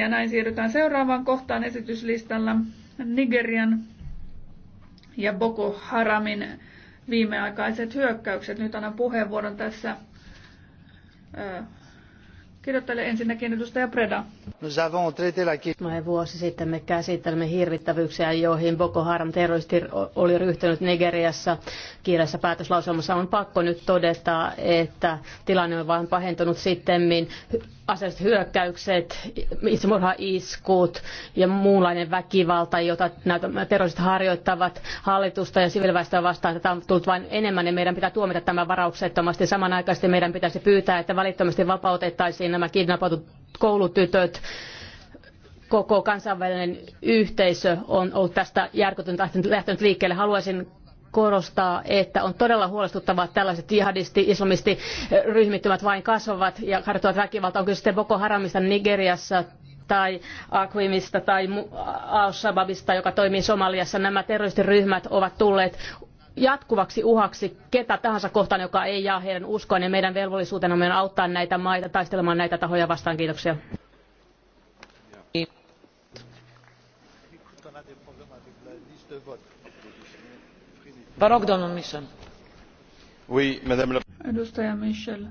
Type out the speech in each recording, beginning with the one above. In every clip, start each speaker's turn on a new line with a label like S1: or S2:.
S1: Ja näin siirrytään seuraavaan kohtaan esityslistalla Nigerian ja Boko Haramin viimeaikaiset hyökkäykset. Nyt annan puheenvuoron tässä Kirjoittele ensinnäkin edustaja Preda.
S2: Noin vuosi sitten me käsittelemme hirvittävyyksiä, joihin Boko Haram terroristi oli ryhtynyt Nigeriassa. Kiireessä päätöslauselmassa on pakko nyt todeta, että tilanne on vain pahentunut sitten Aseelliset hyökkäykset, itsemurhaiskut ja muunlainen väkivalta, jota nämä terroristit harjoittavat hallitusta ja siviiliväestöä vastaan. Tätä on tullut vain enemmän ja meidän pitää tuomita tämä varauksettomasti. Samanaikaisesti meidän pitäisi pyytää, että välittömästi vapautettaisiin nämä kidnappatut koulutytöt. Koko kansainvälinen yhteisö on ollut tästä järkyttynyt, lähtenyt liikkeelle. Haluaisin korostaa, että on todella huolestuttavaa, että tällaiset jihadisti, islamisti eh, ryhmittymät vain kasvavat ja harjoittavat väkivaltaa. Onko sitten Boko Haramista Nigeriassa tai Aquimista tai Al-Shabaabista, joka toimii Somaliassa. Nämä terroristiryhmät ovat tulleet jatkuvaksi uhaksi ketä tahansa kohtaan, joka ei jaa heidän uskoaan. Ja meidän velvollisuutenamme on auttaa näitä maita taistelemaan näitä tahoja vastaan. Kiitoksia.
S1: Edustaja Michel,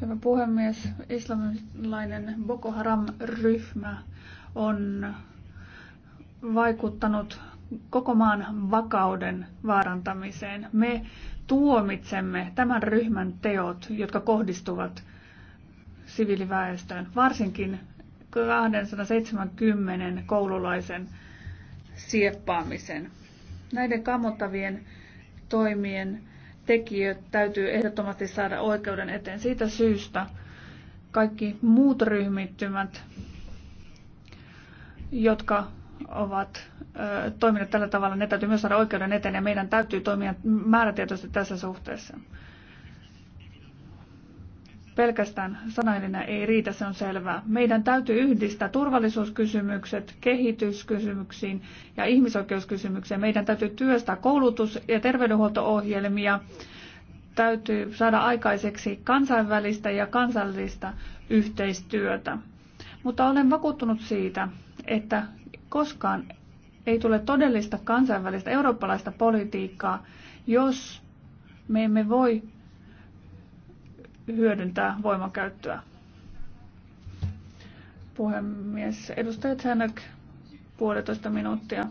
S1: hyvä puhemies. Islamilainen Boko Haram-ryhmä on vaikuttanut koko maan vakauden vaarantamiseen. Me tuomitsemme tämän ryhmän teot, jotka kohdistuvat siviiliväestöön, varsinkin 270 koululaisen sieppaamisen. Näiden kamottavien toimien tekijöt täytyy ehdottomasti saada oikeuden eteen. Siitä syystä kaikki muut ryhmittymät, jotka ovat toimineet tällä tavalla, ne täytyy myös saada oikeuden eteen ja meidän täytyy toimia määrätietoisesti tässä suhteessa. Pelkästään sanailina ei riitä, se on selvää. Meidän täytyy yhdistää turvallisuuskysymykset kehityskysymyksiin ja ihmisoikeuskysymyksiin. Meidän täytyy työstää koulutus- ja terveydenhuolto-ohjelmia. Täytyy saada aikaiseksi kansainvälistä ja kansallista yhteistyötä. Mutta olen vakuuttunut siitä, että koskaan ei tule todellista kansainvälistä eurooppalaista politiikkaa, jos me emme voi hyödyntää voimakäyttöä. Puhemies, edustaja Tänök, puolitoista minuuttia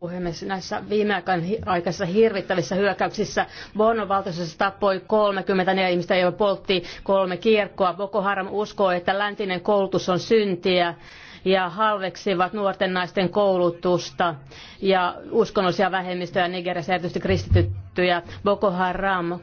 S2: puhemies. Näissä viimeaikaisissa hirvittävissä hyökkäyksissä Bono valtuustossa tappoi 34 ihmistä ja poltti kolme kirkkoa. Boko Haram uskoo, että läntinen koulutus on syntiä ja halveksivat nuorten naisten koulutusta ja uskonnollisia vähemmistöjä Nigeriassa, erityisesti kristittyjä. Boko Haram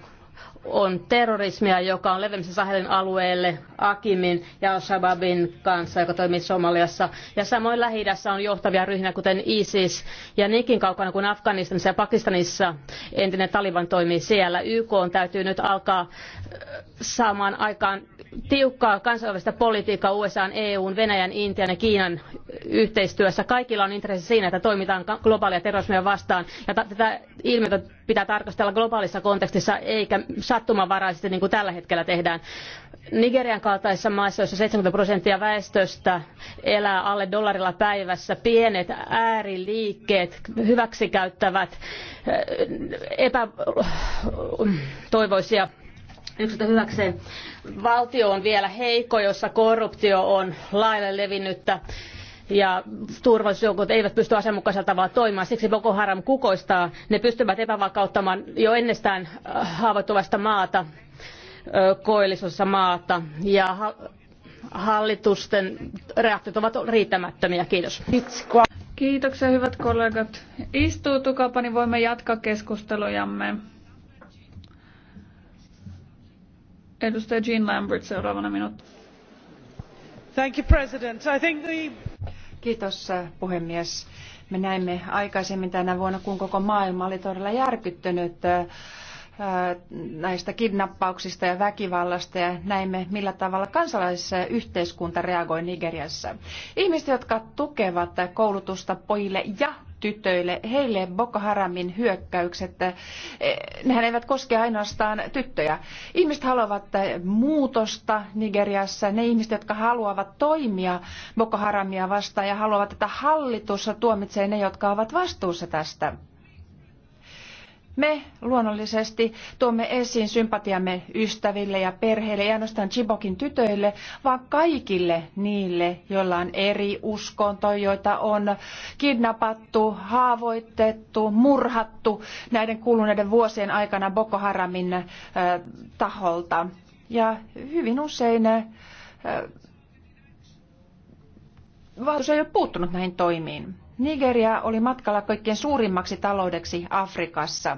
S2: on terrorismia, joka on levinnyt Sahelin alueelle Akimin ja Al-Shabaabin kanssa, joka toimii Somaliassa. Ja samoin lähi on johtavia ryhmiä, kuten ISIS. Ja niinkin kaukana kuin Afganistanissa ja Pakistanissa entinen Taliban toimii siellä. YK on täytyy nyt alkaa äh, saamaan aikaan tiukkaa kansainvälistä politiikkaa USA, EUn, Venäjän, Intian ja Kiinan yhteistyössä. Kaikilla on intressi siinä, että toimitaan globaalia terrorismia vastaan. Ja tätä ilmiötä pitää tarkastella globaalissa kontekstissa eikä sattumanvaraisesti, niin kuin tällä hetkellä tehdään. Nigerian kaltaisissa maissa, joissa 70 prosenttia väestöstä elää alle dollarilla päivässä, pienet ääriliikkeet hyväksikäyttävät eh, epätoivoisia yksilöitä tuota hyväkseen. Valtio on vielä heikko, jossa korruptio on laille levinnyttä ja turvallisuusjoukot eivät pysty asianmukaisella tavalla toimimaan. Siksi Boko Haram kukoistaa. Ne pystyvät epävakauttamaan jo ennestään äh, haavoittuvasta maata, koillisosassa maata. Ja hallitusten reaktiot ovat riittämättömiä. Kiitos. Kiitoksia hyvät kollegat. Istuutukaapa,
S1: niin voimme jatkaa keskustelujamme. Edustaja Jean Lambert seuraavana minuutti. Thank you, President. I think
S3: the Arvoisa äh, puhemies. Me näimme aikaisemmin tänä vuonna, kun koko maailma oli todella järkyttynyt äh, näistä kidnappauksista ja väkivallasta ja näimme millä tavalla kansalaisyhteiskunta reagoi Nigeriassa. Ihmiset, jotka tukevat koulutusta pojille ja tytöille. Heille Boko Haramin hyökkäykset, eh, nehän eivät koske ainoastaan tyttöjä. Ihmiset haluavat eh, muutosta Nigeriassa. Ne ihmiset, jotka haluavat toimia Boko Haramia vastaan ja haluavat, että hallitus tuomitsee ne, jotka ovat vastuussa tästä. Me luonnollisesti tuomme esiin sympatiamme ystäville ja perheille, ei ainoastaan Chibokin tytöille, vaan kaikille niille, joilla on eri uskonto, joita on kidnappattu, haavoitettu, murhattu näiden kuluneiden vuosien aikana Boko Haramin äh, taholta. Ja hyvin usein äh, valtuus ei ole puuttunut näihin toimiin. Nigeria oli matkalla kaikkein suurimmaksi taloudeksi Afrikassa.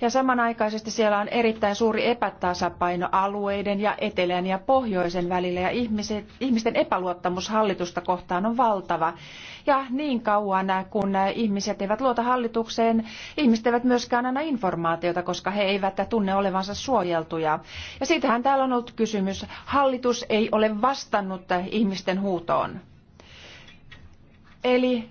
S3: Ja samanaikaisesti siellä on erittäin suuri epätasapaino alueiden ja etelän ja pohjoisen välillä ja ihmiset, ihmisten epäluottamus hallitusta kohtaan on valtava. Ja niin kauan kun ihmiset eivät luota hallitukseen, ihmiset eivät myöskään aina informaatiota, koska he eivät tunne olevansa suojeltuja. Ja siitähän täällä on ollut kysymys. Hallitus ei ole vastannut ihmisten huutoon. Eli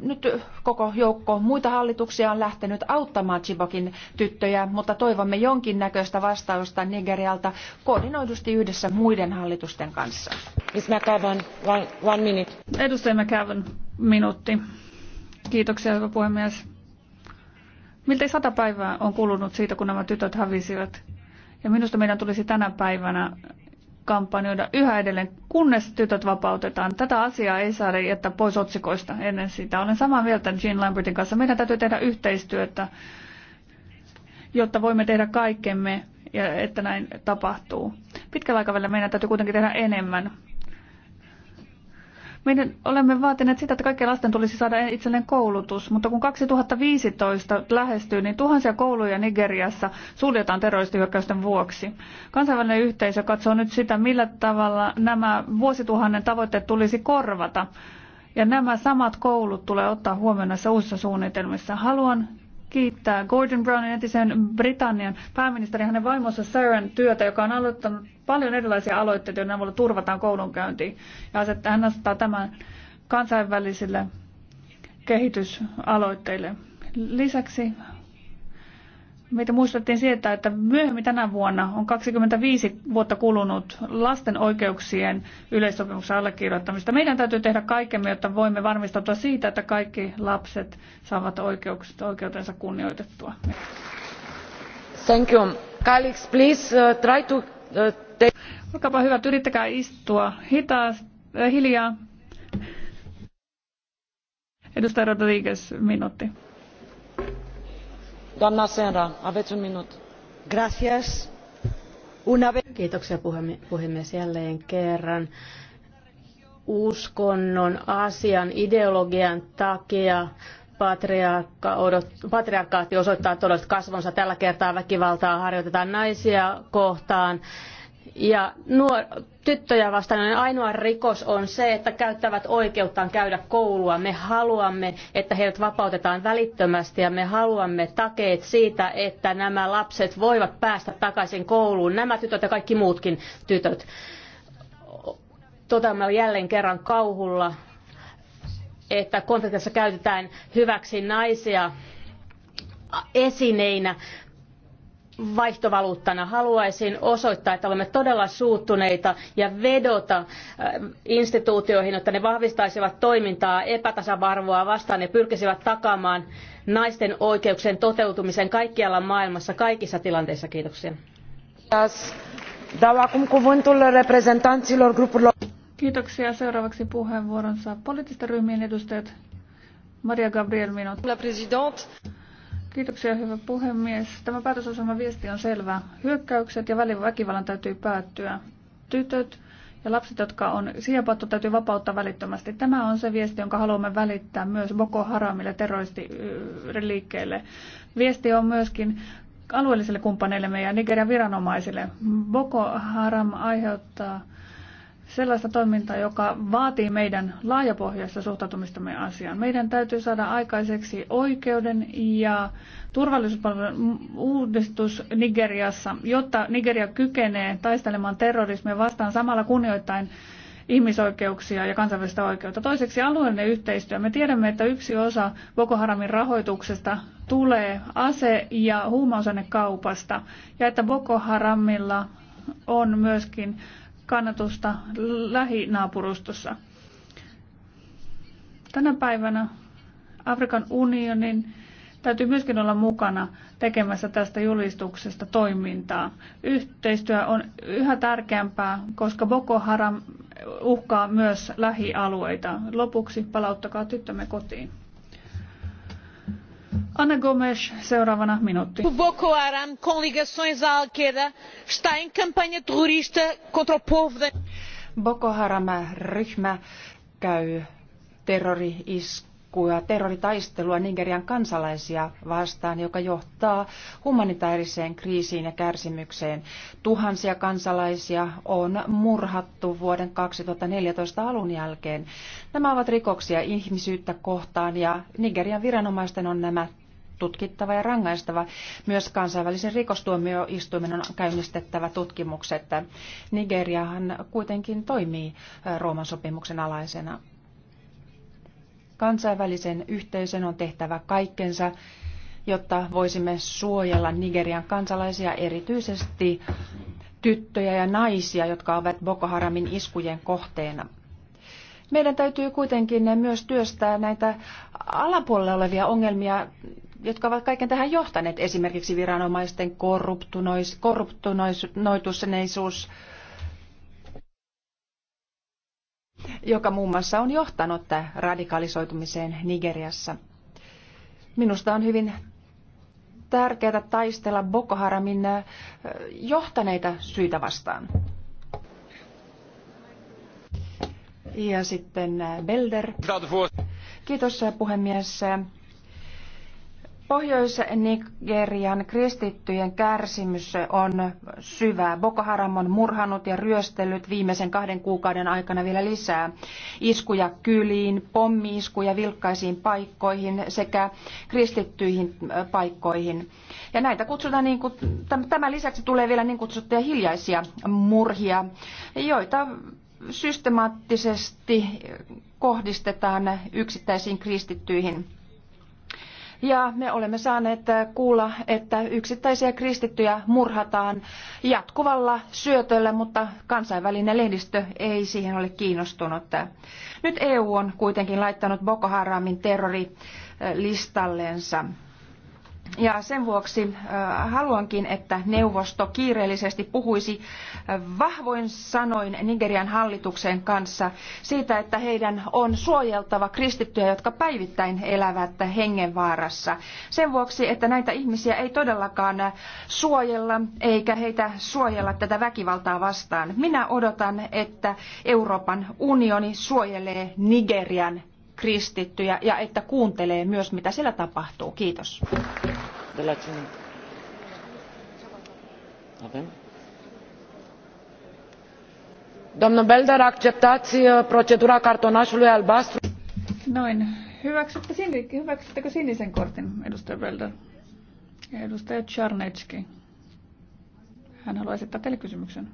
S3: nyt koko joukko muita hallituksia on lähtenyt auttamaan Chibokin tyttöjä, mutta toivomme jonkinnäköistä vastausta
S1: Nigerialta koordinoidusti yhdessä muiden hallitusten kanssa.
S2: Miss McAvan, one,
S1: one minute. Edustaja McAvan, minuutti. Kiitoksia, hyvä puhemies. Miltei sata päivää on kulunut siitä, kun nämä tytöt hävisivät. Ja minusta meidän tulisi tänä päivänä kampanjoida yhä edelleen, kunnes tytöt vapautetaan. Tätä asiaa ei saada jättää pois otsikoista ennen sitä. Olen samaa mieltä Jean Lambertin kanssa. Meidän täytyy tehdä yhteistyötä, jotta voimme tehdä kaikkemme, ja että näin tapahtuu. Pitkällä aikavälillä meidän täytyy kuitenkin tehdä enemmän. Meidän olemme vaatineet sitä, että kaikkien lasten tulisi saada itselleen koulutus, mutta kun 2015 lähestyy, niin tuhansia kouluja Nigeriassa suljetaan terroristihyökkäysten vuoksi. Kansainvälinen yhteisö katsoo nyt sitä, millä tavalla nämä vuosituhannen tavoitteet tulisi korvata. Ja nämä samat koulut tulee ottaa huomioon näissä uusissa suunnitelmissa. Haluan kiittää Gordon Brownin entisen Britannian pääministerin hänen vaimonsa Saren työtä, joka on aloittanut paljon erilaisia aloitteita, joiden avulla turvataan koulunkäyntiin. Ja asettaa, hän asettaa tämän kansainvälisille kehitysaloitteille. Lisäksi Meitä muistettiin siitä, että myöhemmin tänä vuonna on 25 vuotta kulunut lasten oikeuksien yleissopimuksen allekirjoittamista. Meidän täytyy tehdä kaikkemme, jotta voimme varmistautua siitä, että kaikki lapset saavat oikeutensa kunnioitettua.
S4: Thank you. Colleagues, please
S1: uh, try to uh, take... Olkaapa hyvät, yrittäkää istua hitaas, äh, hiljaa. Edustaja Rodriguez, minuutti.
S2: Kiitoksia puhemies jälleen kerran. Uskonnon, asian, ideologian takia patriarkaatti osoittaa todelliset kasvonsa. Tällä kertaa väkivaltaa harjoitetaan naisia kohtaan ja nuor, tyttöjä vastaan niin ainoa rikos on se, että käyttävät oikeuttaan käydä koulua. Me haluamme, että heidät vapautetaan välittömästi ja me haluamme takeet siitä, että nämä lapset voivat päästä takaisin kouluun. Nämä tytöt ja kaikki muutkin tytöt. Totamme jälleen kerran kauhulla, että konfliktissa käytetään hyväksi naisia esineinä vaihtovaluuttana. Haluaisin osoittaa, että olemme todella suuttuneita ja vedota äh, instituutioihin, että ne vahvistaisivat toimintaa epätasavarvoa vastaan ja pyrkisivät takaamaan naisten oikeuksien toteutumisen kaikkialla maailmassa, kaikissa tilanteissa. Kiitoksia.
S1: Kiitoksia. Seuraavaksi puheenvuoron poliittisten ryhmien edustajat. Maria Gabriel Minot. Kiitoksia, hyvä puhemies. Tämä päätösosama viesti on selvä. Hyökkäykset ja väkivallan täytyy päättyä. Tytöt ja lapset, jotka on siepattu, täytyy vapauttaa välittömästi. Tämä on se viesti, jonka haluamme välittää myös Boko Haramille terroristiliikkeelle. Viesti on myöskin alueellisille kumppaneille ja Nigerian viranomaisille. Boko Haram aiheuttaa sellaista toimintaa, joka vaatii meidän laajapohjaista suhtautumistamme asiaan. Meidän täytyy saada aikaiseksi oikeuden ja turvallisuuspalvelun uudistus Nigeriassa, jotta Nigeria kykenee taistelemaan terrorismia vastaan samalla kunnioittain ihmisoikeuksia ja kansainvälistä oikeutta. Toiseksi alueellinen yhteistyö. Me tiedämme, että yksi osa Boko Haramin rahoituksesta tulee ase- ja huumausainekaupasta ja että Boko Haramilla on myöskin kannatusta lähinaapurustossa. Tänä päivänä Afrikan unionin täytyy myöskin olla mukana tekemässä tästä julistuksesta toimintaa. Yhteistyö on yhä tärkeämpää, koska Boko Haram uhkaa myös lähialueita. Lopuksi palauttakaa tyttömme kotiin. Anna Gomes, seuraavana minuutti. Boko Haram com ligações à Al-Qaeda está em campanha terrorista contra o povo da... Boko Haram-ryhmä
S3: käy terrori-isku jatkua terroritaistelua Nigerian kansalaisia vastaan, joka johtaa humanitaariseen kriisiin ja kärsimykseen. Tuhansia kansalaisia on murhattu vuoden 2014 alun jälkeen. Nämä ovat rikoksia ihmisyyttä kohtaan ja Nigerian viranomaisten on nämä tutkittava ja rangaistava. Myös kansainvälisen rikostuomioistuimen on käynnistettävä tutkimukset. Nigeriahan kuitenkin toimii äh, Rooman sopimuksen alaisena. Kansainvälisen yhteisön on tehtävä kaikkensa, jotta voisimme suojella Nigerian kansalaisia, erityisesti tyttöjä ja naisia, jotka ovat Boko Haramin iskujen kohteena. Meidän täytyy kuitenkin myös työstää näitä alapuolella olevia ongelmia, jotka ovat kaiken tähän johtaneet, esimerkiksi viranomaisten korruptunoituneisuus, joka muun muassa on johtanut radikalisoitumiseen Nigeriassa. Minusta on hyvin tärkeää taistella Boko Haramin äh, johtaneita syitä vastaan. Ja sitten äh, Belder. Kiitos äh, puhemies. Pohjois-Nigerian kristittyjen kärsimys on syvä. Boko Haram on murhannut ja ryöstellyt viimeisen kahden kuukauden aikana vielä lisää. Iskuja kyliin, pommiiskuja vilkkaisiin paikkoihin sekä kristittyihin paikkoihin. Ja näitä kutsutaan, niin kuin, tämän lisäksi tulee vielä niin kutsuttuja hiljaisia murhia, joita systemaattisesti kohdistetaan yksittäisiin kristittyihin ja me olemme saaneet äh, kuulla, että yksittäisiä kristittyjä murhataan jatkuvalla syötöllä, mutta kansainvälinen lehdistö ei siihen ole kiinnostunut. Nyt EU on kuitenkin laittanut Boko Haramin terrorilistallensa. Äh, ja sen vuoksi haluankin, että neuvosto kiireellisesti puhuisi vahvoin sanoin Nigerian hallituksen kanssa siitä, että heidän on suojeltava kristittyjä, jotka päivittäin elävät hengenvaarassa. Sen vuoksi, että näitä ihmisiä ei todellakaan suojella eikä heitä suojella tätä väkivaltaa vastaan. Minä odotan, että Euroopan unioni suojelee Nigerian kristittyjä ja että kuuntelee myös, mitä siellä tapahtuu. Kiitos.
S4: Doamnă Belder, acceptați uh, procedura cartonașului albastru?
S1: Noin. Hyväksytte sin- hyväksyttekö sinisen kortin, edustaja Belder? Ja edustaja Czarnecki. Hän haluaa esittää teille kysymyksen.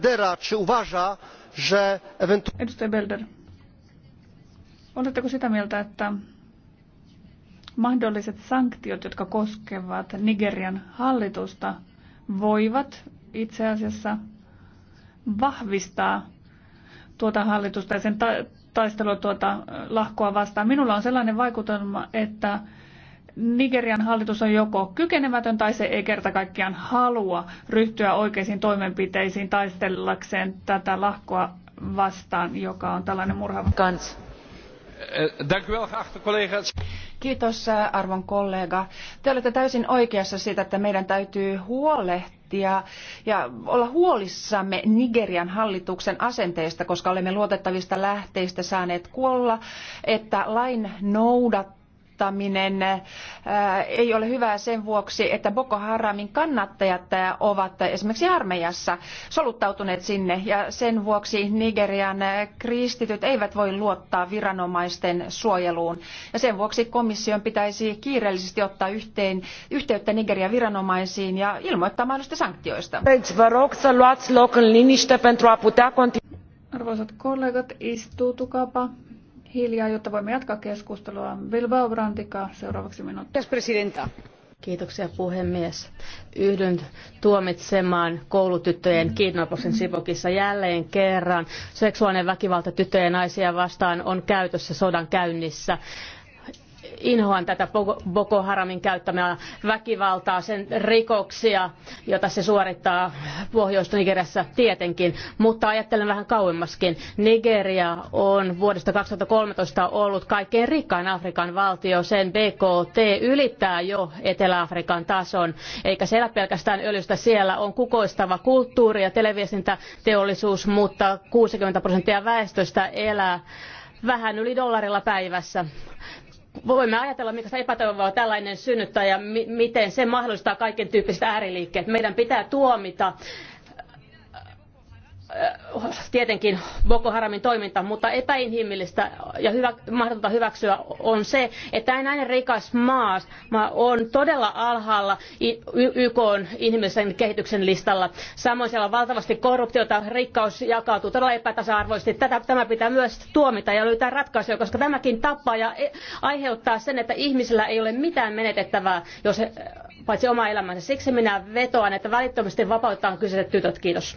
S1: Dera, czy uważa, że ewentualnie oletteko sitä mieltä, että mahdolliset sanktiot, jotka koskevat Nigerian hallitusta, voivat itse asiassa vahvistaa tuota hallitusta ja sen taistelua tuota eh, lahkoa vastaan. Minulla on sellainen vaikutelma, että Nigerian hallitus on joko kykenemätön tai se ei kerta kaikkiaan halua ryhtyä oikeisiin toimenpiteisiin taistellakseen tätä lahkoa vastaan, joka on tällainen murhaava. Kans. Eh, Kiitos eh, arvon kollega. Te olette täysin
S3: oikeassa siitä, että meidän täytyy huolehtia ja olla huolissamme Nigerian hallituksen asenteesta, koska olemme luotettavista lähteistä saaneet kuolla, että lain noudat auttaminen ei ole hyvää sen vuoksi, että Boko Haramin kannattajat ovat esimerkiksi armeijassa soluttautuneet sinne ja sen vuoksi Nigerian kristityt eivät voi luottaa viranomaisten suojeluun. Ja sen vuoksi komission pitäisi kiireellisesti ottaa yhteen, yhteyttä Nigerian viranomaisiin ja ilmoittaa mahdollisista sanktioista.
S1: Arvoisat kollegat, hiljaa, jotta voimme jatkaa keskustelua. Bilbao Brantika, seuraavaksi minuutti.
S2: Presidenta. Kiitoksia puhemies. Yhdyn tuomitsemaan koulutyttöjen kidnappuksen Sivokissa jälleen kerran. Seksuaalinen väkivalta tyttöjen naisia vastaan on käytössä sodan käynnissä inhoan tätä Boko Haramin käyttämää väkivaltaa, sen rikoksia, jota se suorittaa Pohjois-Nigeriassa tietenkin, mutta ajattelen vähän kauemmaskin. Nigeria on vuodesta 2013 ollut kaikkein rikkain Afrikan valtio. Sen BKT ylittää jo Etelä-Afrikan tason, eikä siellä pelkästään öljystä. Siellä on kukoistava kulttuuri ja televiestintäteollisuus, mutta 60 prosenttia väestöstä elää vähän yli dollarilla päivässä voimme ajatella, mikä epätoivoa tällainen synnyttää ja miten se mahdollistaa kaiken tyyppiset ääriliikkeet. Meidän pitää tuomita Äh, tietenkin Boko Haramin toiminta, mutta epäinhimillistä ja hyvä, mahdotonta hyväksyä on se, että näin rikas maa, maa on todella alhaalla YK on inhimillisen kehityksen listalla. Samoin siellä on valtavasti korruptiota, rikkaus jakautuu todella epätasa-arvoisesti. Tätä, tämä pitää myös tuomita ja löytää ratkaisuja, koska tämäkin tappaa ja e, aiheuttaa sen, että ihmisillä ei ole mitään menetettävää, jos he, paitsi oma elämänsä. Siksi minä vetoan, että välittömästi vapautetaan kyseiset tytöt. Kiitos.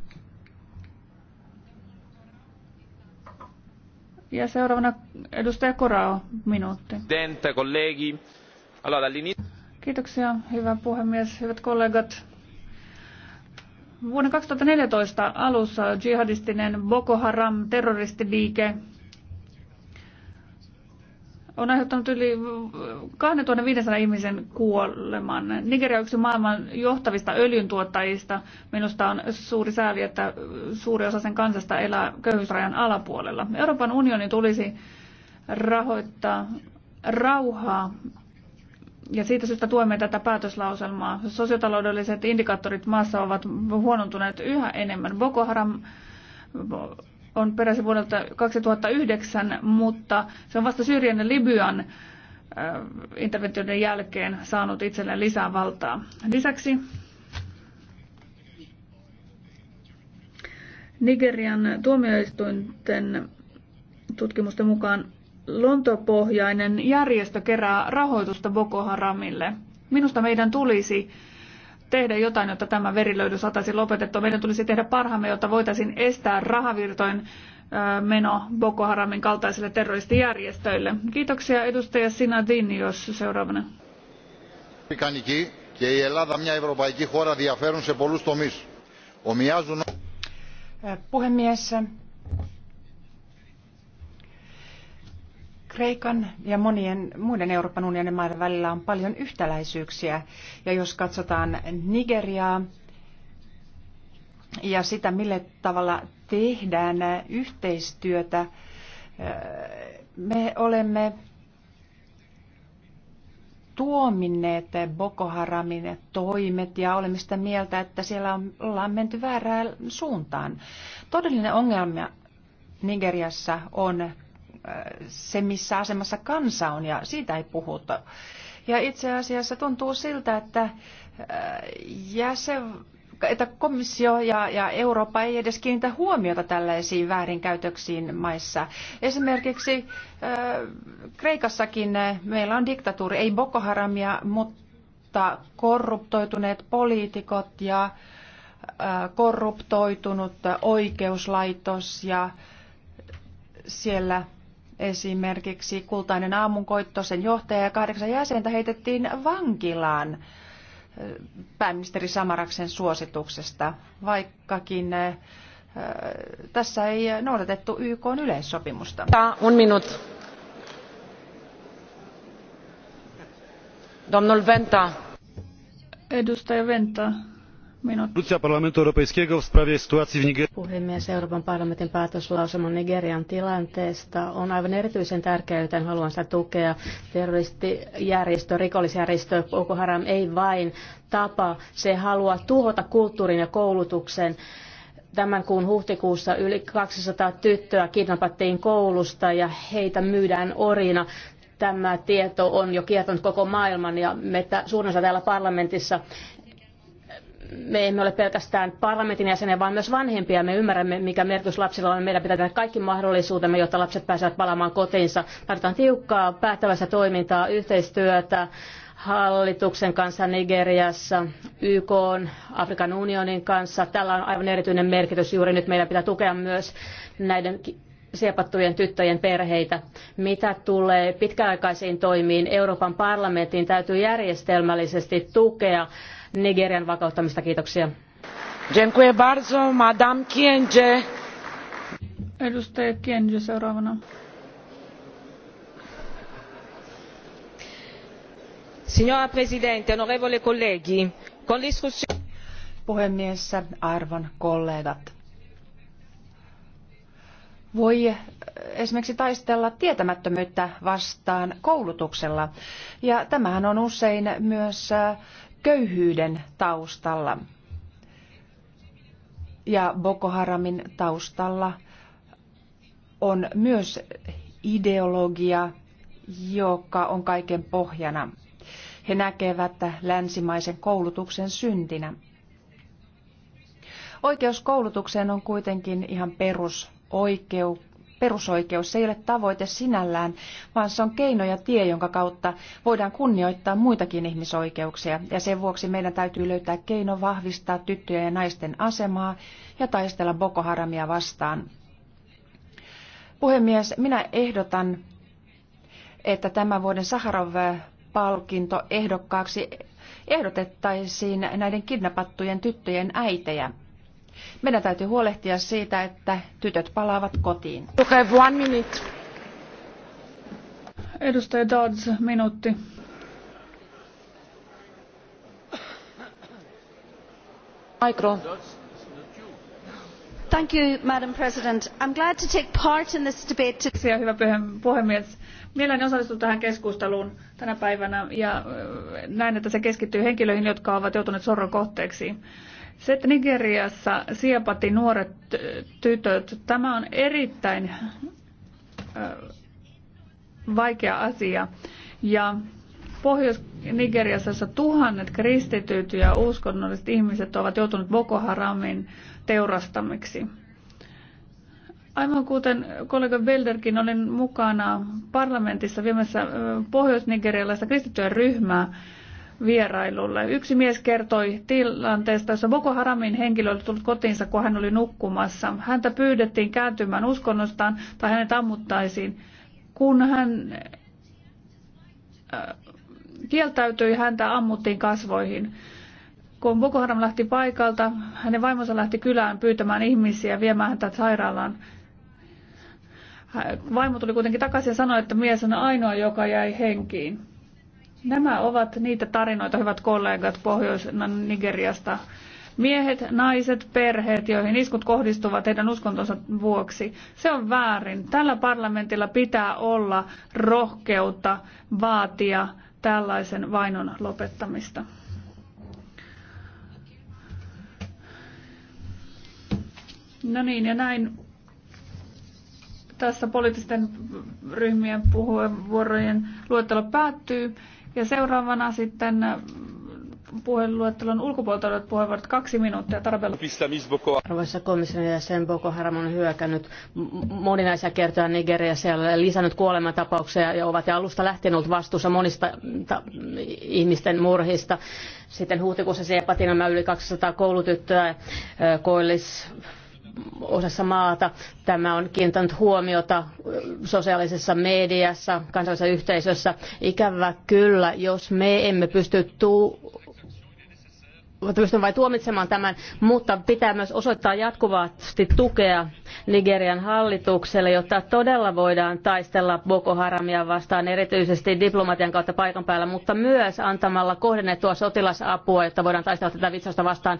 S1: Ja seuraavana edustaja Korao, minuutti.
S4: kollegi.
S1: Kiitoksia, hyvä puhemies, hyvät kollegat. Vuonna 2014 alussa jihadistinen Boko Haram terroristiliike on aiheuttanut yli 2500 ihmisen kuoleman. Nigeria on yksi maailman johtavista öljyntuottajista. Minusta on suuri sääli, että suuri osa sen kansasta elää köyhyysrajan alapuolella. Euroopan unioni tulisi rahoittaa rauhaa ja siitä syystä tuemme tätä päätöslauselmaa. Sosiotaloudelliset indikaattorit maassa ovat huonontuneet yhä enemmän. Boko Haram on peräisin vuodelta 2009, mutta se on vasta Syyrian ja Libyan interventioiden jälkeen saanut itselleen lisää valtaa. Lisäksi Nigerian tuomioistuinten tutkimusten mukaan Lontopohjainen järjestö kerää rahoitusta Boko Haramille. Minusta meidän tulisi tehdä jotain, jotta tämä verilöydy saataisiin lopetettua. Meidän tulisi tehdä parhaamme, jotta voitaisiin estää rahavirtojen meno Boko Haramin kaltaisille terroristijärjestöille. Kiitoksia edustaja Sinadini, jos seuraavana.
S4: Ελλάδα μια ευρωπαϊκή χώρα διαφέρουν σε πολλούς τομείς.
S3: Puhemies, Kreikan ja monien muiden Euroopan unionin maiden välillä on paljon yhtäläisyyksiä. Ja jos katsotaan Nigeriaa ja sitä, millä tavalla tehdään yhteistyötä, me olemme tuominneet Boko Haramin toimet ja olemme sitä mieltä, että siellä on, ollaan menty väärään suuntaan. Todellinen ongelma Nigeriassa on se, missä asemassa kansa on, ja siitä ei puhuta. Ja itse asiassa tuntuu siltä, että, äh, jäsen, että komissio ja, ja Eurooppa ei edes kiinnitä huomiota tällaisiin väärinkäytöksiin maissa. Esimerkiksi äh, Kreikassakin meillä on diktatuuri, ei Boko Haramia, mutta korruptoituneet poliitikot ja äh, korruptoitunut oikeuslaitos ja siellä Esimerkiksi Kultainen aamunkoitto, sen johtaja ja kahdeksan jäsentä heitettiin vankilaan pääministeri Samaraksen suosituksesta, vaikkakin tässä ei noudatettu YK yleissopimusta. Un minut.
S1: Domnul Venta.
S2: Edustaja Venta.
S1: Minuutti. Parlamentu Europejskiego w sprawie sytuacji
S2: w Puhemies, Euroopan parlamentin päätöslauselma Nigerian tilanteesta on aivan erityisen tärkeä, joten haluan sitä tukea. Terroristijärjestö, rikollisjärjestö Boko Haram ei vain tapa, se haluaa tuhota kulttuurin ja koulutuksen tämän kuun huhtikuussa yli 200 tyttöä kidnappattiin koulusta ja heitä myydään orina. Tämä tieto on jo kiertänyt koko maailman ja meitä suurin osa täällä parlamentissa me emme ole pelkästään parlamentin jäseniä, vaan myös vanhempia. Me ymmärrämme, mikä merkitys lapsilla on. Meidän pitää tehdä kaikki mahdollisuutemme, jotta lapset pääsevät palaamaan kotiinsa. Tarvitaan tiukkaa, päättäväistä toimintaa, yhteistyötä hallituksen kanssa Nigeriassa, YK, Afrikan unionin kanssa. Tällä on aivan erityinen merkitys juuri nyt. Meidän pitää tukea myös näiden siepattujen tyttöjen perheitä. Mitä tulee pitkäaikaisiin toimiin, Euroopan parlamentin täytyy järjestelmällisesti tukea Nigerian vakauttamista. Kiitoksia. Dziękuję bardzo, Madame Kienge. Edustaja Kienge seuraavana.
S1: Signora Presidente, onorevole
S3: colleghi, con l'iscussione... Puhemies, arvon kollegat. Voi eh, esimerkiksi taistella tietämättömyyttä vastaan koulutuksella. Ja tämähän on usein myös eh, köyhyyden taustalla. Ja Boko Haramin taustalla on myös ideologia, joka on kaiken pohjana. He näkevät länsimaisen koulutuksen syntinä. Oikeus koulutukseen on kuitenkin ihan perusoikeus perusoikeus. Se ei ole tavoite sinällään, vaan se on keino ja tie, jonka kautta voidaan kunnioittaa muitakin ihmisoikeuksia. Ja sen vuoksi meidän täytyy löytää keino vahvistaa tyttöjen ja naisten asemaa ja taistella Boko Haramia vastaan. Puhemies, minä ehdotan, että tämän vuoden Saharov-palkinto ehdokkaaksi ehdotettaisiin näiden kidnappattujen tyttöjen äitejä. Meidän täytyy huolehtia siitä, että tytöt palaavat kotiin. You one minute.
S1: Edustaja Dodds, minuutti. Mikro. Thank you, Madam President. I'm glad to take part in this debate. Kiitoksia, hyvä puhemies. Mielelläni osallistun tähän keskusteluun tänä päivänä ja näen, että se keskittyy henkilöihin, jotka ovat joutuneet sorron kohteeksi. Se, että Nigeriassa siepati nuoret tytöt, tämä on erittäin vaikea asia. Ja Pohjois-Nigeriassa tuhannet kristityt ja uskonnolliset ihmiset ovat joutuneet Boko Haramin teurastamiksi. Aivan kuten kollega Belderkin, olin mukana parlamentissa viemässä pohjois-nigerialaista kristittyä ryhmää vierailulle. Yksi mies kertoi tilanteesta, jossa Boko Haramin henkilö oli tullut kotiinsa, kun hän oli nukkumassa. Häntä pyydettiin kääntymään uskonnostaan tai hänet ammuttaisiin. Kun hän äh, kieltäytyi, häntä ammuttiin kasvoihin. Kun Boko Haram lähti paikalta, hänen vaimonsa lähti kylään pyytämään ihmisiä viemään häntä sairaalaan. Vaimo tuli kuitenkin takaisin ja sanoi, että mies on ainoa, joka jäi henkiin. Nämä ovat niitä tarinoita, hyvät kollegat Pohjois-Nigeriasta. Miehet, naiset, perheet, joihin iskut kohdistuvat heidän uskontonsa vuoksi. Se on väärin. Tällä parlamentilla pitää olla rohkeutta vaatia tällaisen vainon lopettamista. No niin, ja näin tässä poliittisten ryhmien puheenvuorojen luettelo päättyy. Ja seuraavana sitten äh, puheluettelon ulkopuolelta olevat puheenvuorot kaksi minuuttia.
S2: Tarvella. Arvoisa komission jäsen Boko Haram on hyökännyt moninaisia kertoja Nigeriassa ja lisännyt kuolematapauksia ja ovat ja alusta lähtien ollut vastuussa monista ta, ihmisten murhista. Sitten huhtikuussa Siepatinamällä yli 200 koulutyttöä, äh, Koillis osassa maata. Tämä on kiinnittänyt huomiota sosiaalisessa mediassa, kansallisessa yhteisössä. Ikävä kyllä, jos me emme pysty tu- pystyn vain tuomitsemaan tämän, mutta pitää myös osoittaa jatkuvasti tukea Nigerian hallitukselle, jotta todella voidaan taistella Boko Haramia vastaan, erityisesti diplomatian kautta paikan päällä, mutta myös antamalla kohdennettua sotilasapua, jotta voidaan taistella tätä vitsausta vastaan,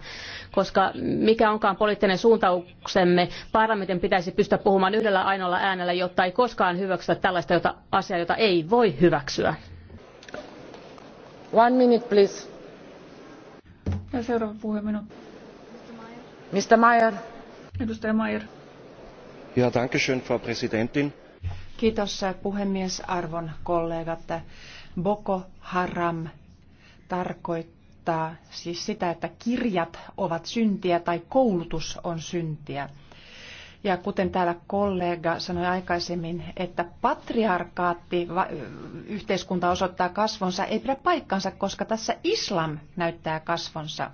S2: koska mikä onkaan poliittinen suuntauksemme, parlamentin pitäisi pystyä puhumaan yhdellä ainoalla äänellä, jotta ei koskaan hyväksytä tällaista jota, asiaa, jota ei voi hyväksyä. One minute, please. Ja seuraava puhe minuutti. Mr. Mayer.
S1: Edustaja Mayer.
S4: Ja, danke schön, Frau Präsidentin.
S1: Kiitos äh, puhemies,
S3: arvon kollegat. Boko Haram tarkoittaa siis sitä, että kirjat ovat syntiä tai koulutus on syntiä. Ja kuten täällä kollega sanoi aikaisemmin, että patriarkaatti yhteiskunta osoittaa kasvonsa, ei pidä paikkansa, koska tässä islam näyttää kasvonsa.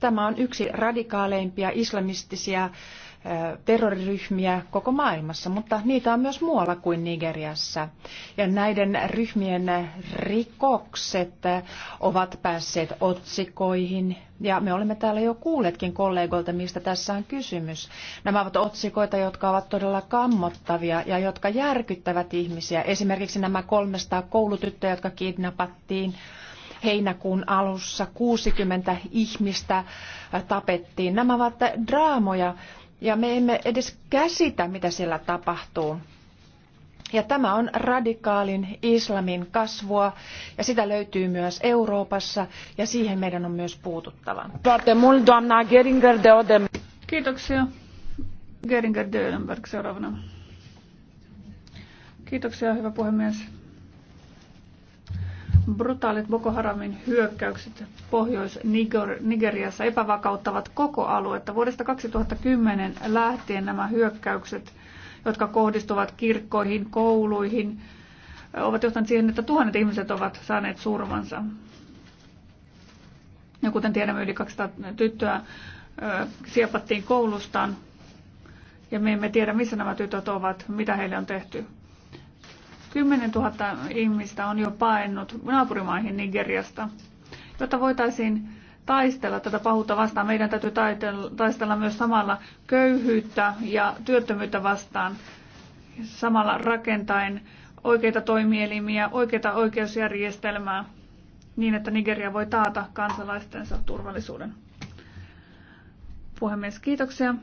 S3: Tämä on yksi radikaaleimpia islamistisia terroriryhmiä koko maailmassa, mutta niitä on myös muualla kuin Nigeriassa. Ja näiden ryhmien rikokset ovat päässeet otsikoihin, ja me olemme täällä jo kuulleetkin kollegoilta, mistä tässä on kysymys. Nämä ovat otsikoita, jotka ovat todella kammottavia ja jotka järkyttävät ihmisiä. Esimerkiksi nämä 300 koulutyttöä, jotka kidnappattiin heinäkuun alussa 60 ihmistä tapettiin. Nämä ovat draamoja, ja me emme edes käsitä, mitä siellä tapahtuu. Ja tämä on radikaalin islamin kasvua ja sitä löytyy myös Euroopassa ja siihen meidän on myös puututtava.
S1: Kiitoksia. Geringer de seuraavana. Kiitoksia, hyvä puhemies brutaalit Boko Haramin hyökkäykset Pohjois-Nigeriassa epävakauttavat koko aluetta. Vuodesta 2010 lähtien nämä hyökkäykset, jotka kohdistuvat kirkkoihin, kouluihin, ovat johtaneet siihen, että tuhannet ihmiset ovat saaneet surmansa. Ja kuten tiedämme, yli 200 tyttöä siepattiin koulustaan ja me emme tiedä, missä nämä tytöt ovat, mitä heille on tehty. 10 000 ihmistä on jo paennut naapurimaihin Nigeriasta. Jotta voitaisiin taistella tätä pahuutta vastaan, meidän täytyy taistella myös samalla köyhyyttä ja työttömyyttä vastaan, samalla rakentaen oikeita toimielimiä, oikeita oikeusjärjestelmää, niin että Nigeria voi taata kansalaistensa turvallisuuden. Puhemies, kiitoksia.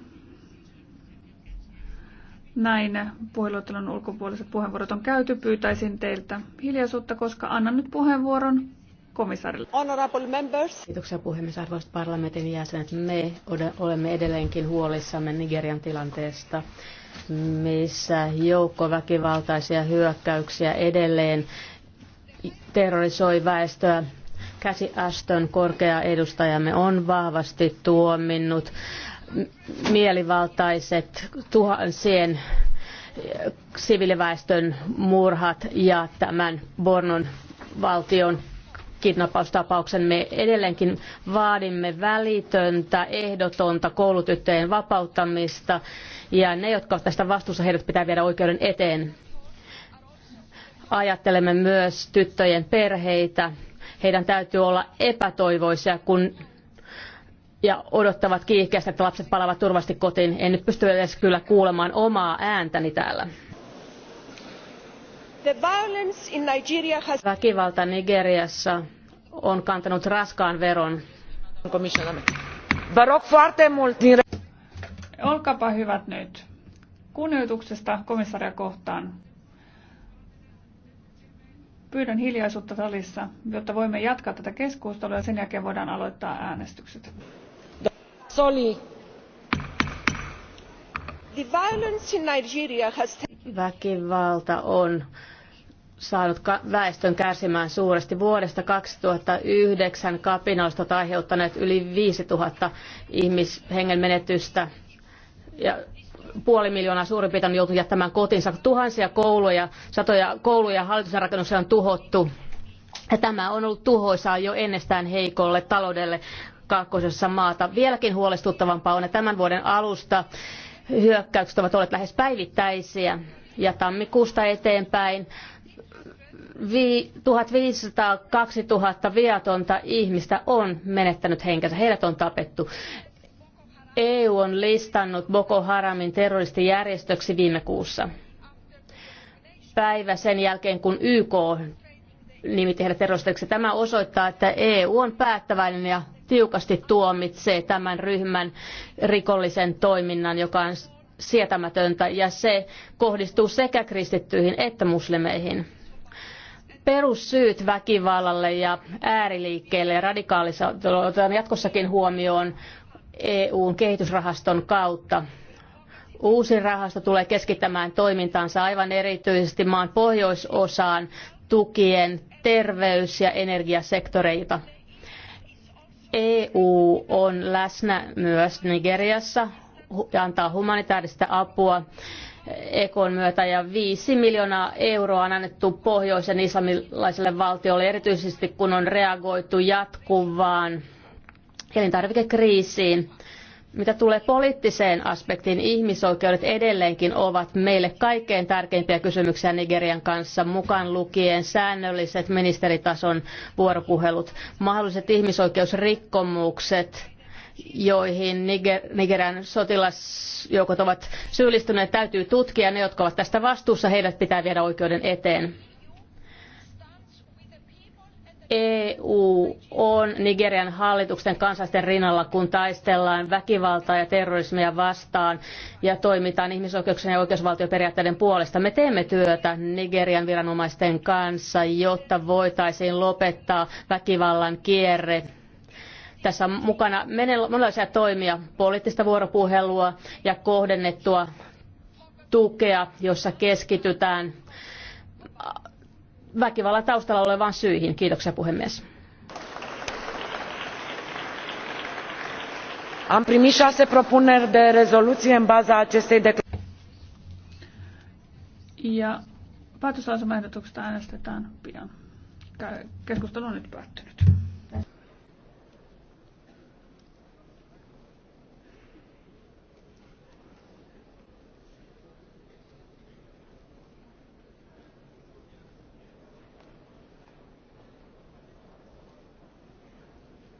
S1: Näin puheluottelun ulkopuoliset puheenvuorot on käyty. Pyytäisin teiltä hiljaisuutta, koska annan nyt puheenvuoron komissaarille.
S2: Honorable members. Kiitoksia puhemies, arvoisat parlamentin jäsenet. Me olemme edelleenkin huolissamme Nigerian tilanteesta missä joukkoväkivaltaisia hyökkäyksiä edelleen terrorisoi väestöä. Käsi Aston korkea edustajamme on vahvasti tuominnut mielivaltaiset tuhansien siviiliväestön murhat ja tämän Bornon valtion kidnappaustapauksen. Me edelleenkin vaadimme välitöntä, ehdotonta koulutyttöjen vapauttamista ja ne, jotka ovat tästä vastuussa, heidät pitää viedä oikeuden eteen. Ajattelemme myös tyttöjen perheitä. Heidän täytyy olla epätoivoisia, kun ja odottavat kiihkeästi, että lapset palaavat turvasti kotiin. En nyt pysty edes kyllä kuulemaan omaa ääntäni täällä. Has... Väkivalta Nigeriassa on kantanut raskaan veron.
S1: Olkaapa hyvät nyt. Kunnioituksesta komissaria kohtaan. Pyydän hiljaisuutta salissa, jotta voimme jatkaa tätä keskustelua ja sen jälkeen voidaan aloittaa äänestykset.
S2: Väkivalta on saanut väestön kärsimään suuresti. Vuodesta 2009 kapinallistot aiheuttaneet yli 5000 ihmishengen menetystä ja puoli miljoonaa suurin piirtein on joutunut jättämään kotinsa. Tuhansia kouluja, satoja kouluja ja hallitusrakennuksia on tuhottu. Ja tämä on ollut tuhoisaa jo ennestään heikolle taloudelle kaakkoisessa maata. Vieläkin huolestuttavampaa on, että tämän vuoden alusta hyökkäykset ovat olleet lähes päivittäisiä ja tammikuusta eteenpäin 1500-2000 viatonta ihmistä on menettänyt henkensä. Heidät on tapettu. EU on listannut Boko Haramin terroristijärjestöksi viime kuussa. Päivä sen jälkeen, kun YK nimitti heidät terroristiksi. Tämä osoittaa, että EU on päättäväinen ja tiukasti tuomitsee tämän ryhmän rikollisen toiminnan, joka on sietämätöntä ja se kohdistuu sekä kristittyihin että muslimeihin. Perussyyt väkivallalle ja ääriliikkeelle ja radikaaliselle otetaan jatkossakin huomioon EUn kehitysrahaston kautta. Uusi rahasto tulee keskittämään toimintansa aivan erityisesti maan pohjoisosaan tukien terveys- ja energiasektoreita EU on läsnä myös Nigeriassa ja antaa humanitaarista apua Ekon myötä ja viisi miljoonaa euroa on annettu pohjoisen islamilaiselle valtiolle, erityisesti kun on reagoitu jatkuvaan elintarvikekriisiin mitä tulee poliittiseen aspektiin, ihmisoikeudet edelleenkin ovat meille kaikkein tärkeimpiä kysymyksiä Nigerian kanssa, mukaan lukien säännölliset ministeritason vuoropuhelut, mahdolliset ihmisoikeusrikkomukset, joihin Niger, Nigerian sotilasjoukot ovat syyllistyneet, täytyy tutkia. Ne, jotka ovat tästä vastuussa, heidät pitää viedä oikeuden eteen EU on Nigerian hallituksen kansallisten rinnalla, kun taistellaan väkivaltaa ja terrorismia vastaan ja toimitaan ihmisoikeuksien ja oikeusvaltioperiaatteiden puolesta. Me teemme työtä Nigerian viranomaisten kanssa, jotta voitaisiin lopettaa väkivallan kierre tässä on mukana monenlaisia toimia, poliittista vuoropuhelua ja kohdennettua tukea, jossa keskitytään väkivallan taustalla olevaan syihin. Kiitoksia puhemies. Am primit șase
S4: propuneri de rezoluție în baza acestei declarații. Ja
S1: päätöslausumaehdotuksesta äänestetään pian. Keskustelu on nyt päättynyt.